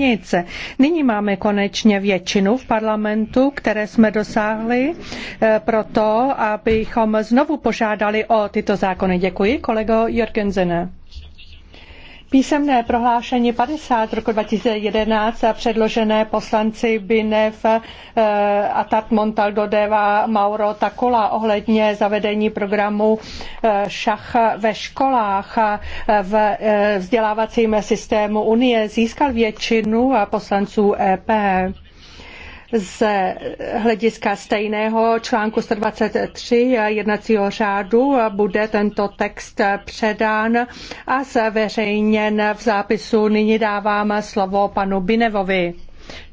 hranic. Nyní máme konečně většinu v parlamentu, které jsme dosáhli eh, pro to, abychom znovu požádali o tyto zákony. Děkuji, kolego Jorgensene. Písemné prohlášení 50 roku 2011 předložené poslanci Binev, eh, Atat Montaldo Deva, Mauro Takola ohledně zavedení programu eh, šach ve školách eh, v vzdělávacím systému Unie získal většinu poslanců EP z hlediska stejného článku 123 jednacího řádu bude tento text předán a zveřejněn v zápisu. Nyní dávám slovo panu Binevovi.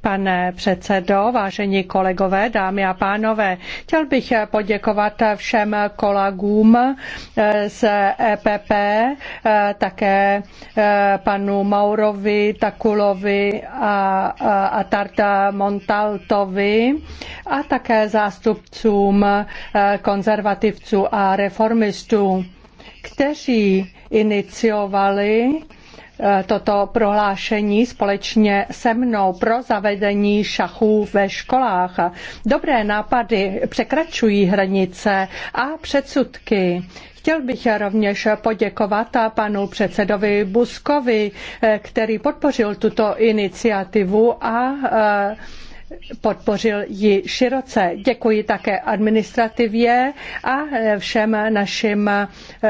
Pane předsedo, vážení kolegové, dámy a pánové, chtěl bych poděkovat všem kolegům z EPP, také panu Maurovi, Takulovi a, a Tarta Montaltovi a také zástupcům konzervativců a reformistů, kteří iniciovali Eh, toto prohlášení společně se mnou pro zavedení šachů ve školách. Dobré nápady překračují hranice a předsudky. Chtěl bych rovněž poděkovat panu předsedovi Buskovi, eh, který podpořil tuto iniciativu a eh, podpořil ji široce. Děkuji také administrativě a všem našim eh,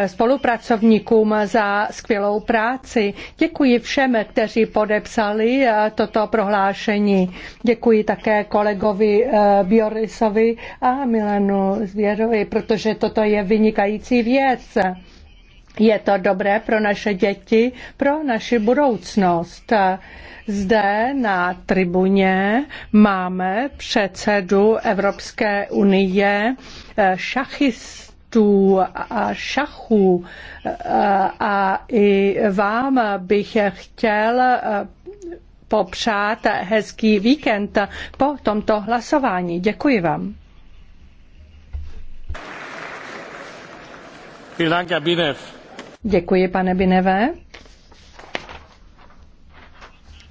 spolupracovníkům za skvělou práci. Děkuji všem, kteří podepsali eh, toto prohlášení. Děkuji také kolegovi eh, Biorisovi a Milanu Zvěrovi, protože toto je vynikající věc. Je to dobré pro naše děti, pro naši budoucnost. Zde na tribuně máme předsedu Evropské unie eh, šachistů a šachů eh, a i vám bych chtěl eh, popřát hezký víkend po tomto hlasování. Děkuji vám. Vielen Dank, Herr Binev. Děkuji, pane Bineve.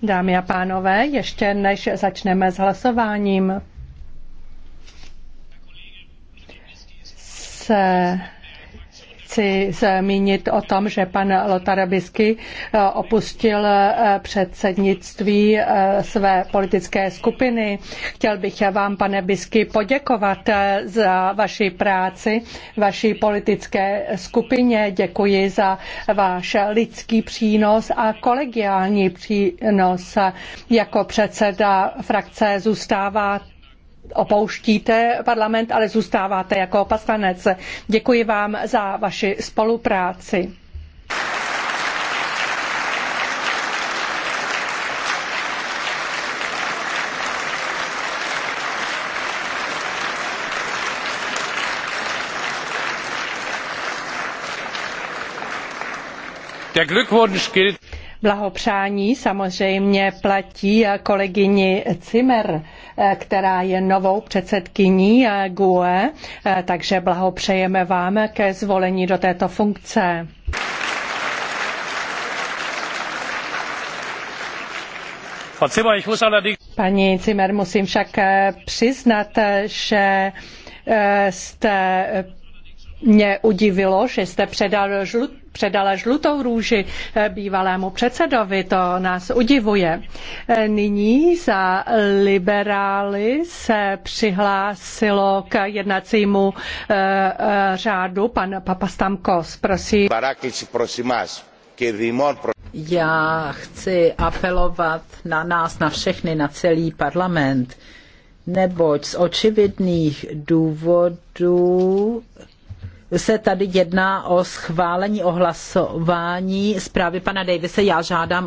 Dámy a pánové, ještě než začneme s hlasováním, se chci zmínit o tom, že pan Lotar Bisky eh, opustil eh, předsednictví eh, své politické skupiny. Chtěl bych vám, pane Bisky, poděkovat za vaši práci, vaší politické skupině. Děkuji za váš lidský přínos a kolegiální přínos. Jako předseda frakce zůstáváte opouštíte parlament, ale zůstáváte jako poslanec. Děkuji vám za vaši spolupráci. Der Glückwunsch gilt Blahopřání samozřejmě platí kolegyni Cimer, která je novou předsedkyní GUE, takže blahopřejeme vám ke zvolení do této funkce. Paní Cimer, musím však přiznat, že eh, jste mě udivilo, že jste předal žlut, předala žlutou růži eh, bývalému předsedovi, to nás udivuje. Eh, nyní za liberály se přihlásilo k jednacímu eh, řádu pan Papastamkos, prosím. Já chci apelovat na nás, na všechny, na celý parlament, neboť z očividných důvodů se tady jedná o schválení, o hlasování zprávy pana Davise. Já žádám